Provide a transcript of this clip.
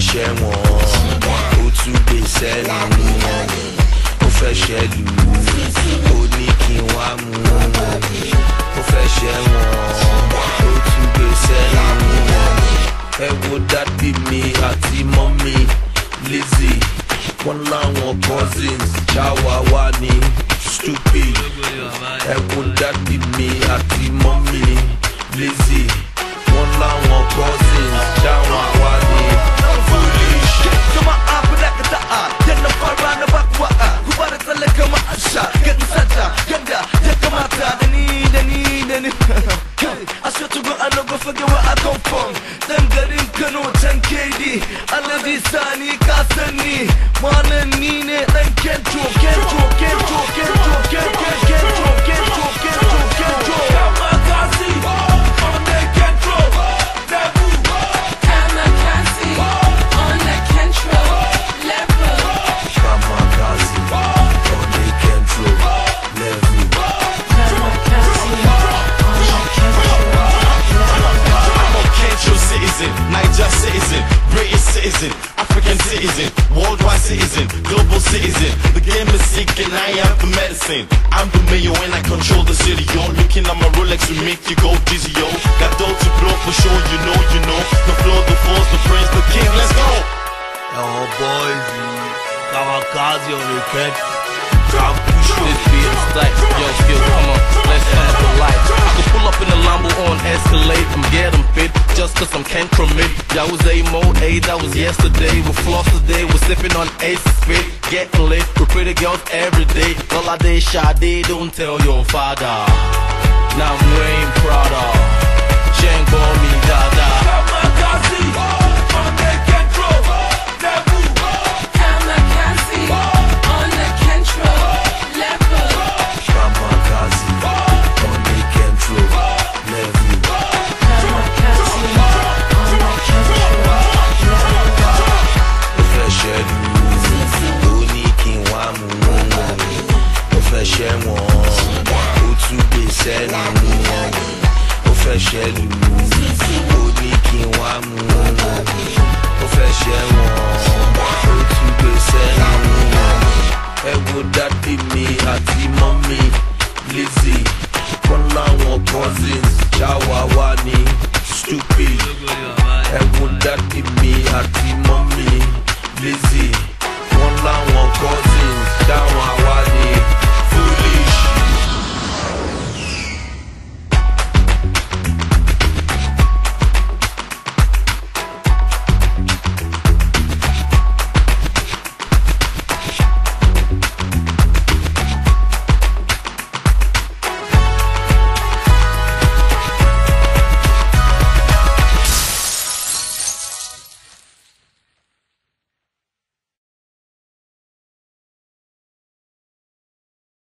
ṣe wọn ó tún gbé sẹ́nu wọn ó fẹ́ ṣe lù ú ó ní kí n wá mú wọn ó fẹ́ ṣe wọn ó tún gbé sẹ́nu wọn ẹ wo dádì mi àti mọ́mí Lizzy wọn láwọn cousins ṣáwáwá ni stupid ẹkún dádì mi àti mọ́mí Lizzy wọn láwọn cousins ṣáwá. Genogen KD Alle die Sani Kasani Mane Nine Ein Kencho, Kencho, Kencho citizen, African citizen, worldwide citizen, global citizen. The game is sick and I have the medicine. I'm the mayor and I control the city, yo. Looking at my Rolex will make you go dizzy, yo. Got dough to blow for sure, you know, you know. The floor, the force, the prince, the king, let's go. Oh, boys, kamikaze on the track. Drop, push this beat, stack. Yo, yo, come on, let's have the lights. I can pull up in the Lambo on Escalade, I'm getting fit just cause I'm came from it. That was a mo A, that was yesterday. we flossed floss today, we're sipping on ace spit, getting lit with pretty girls every day. All I did, they don't tell your father. Now I'm way proud. ṣẹ́dú ló ní kí n wá mú wọn mo fẹ́ ṣẹ́ wọn ó tún gbé sẹ́nu wọn ó fẹ́ mi àti mọ́mí Lizzy kan láwọn cousins ṣáwa stupid ẹ wo mi àti hipocrisia.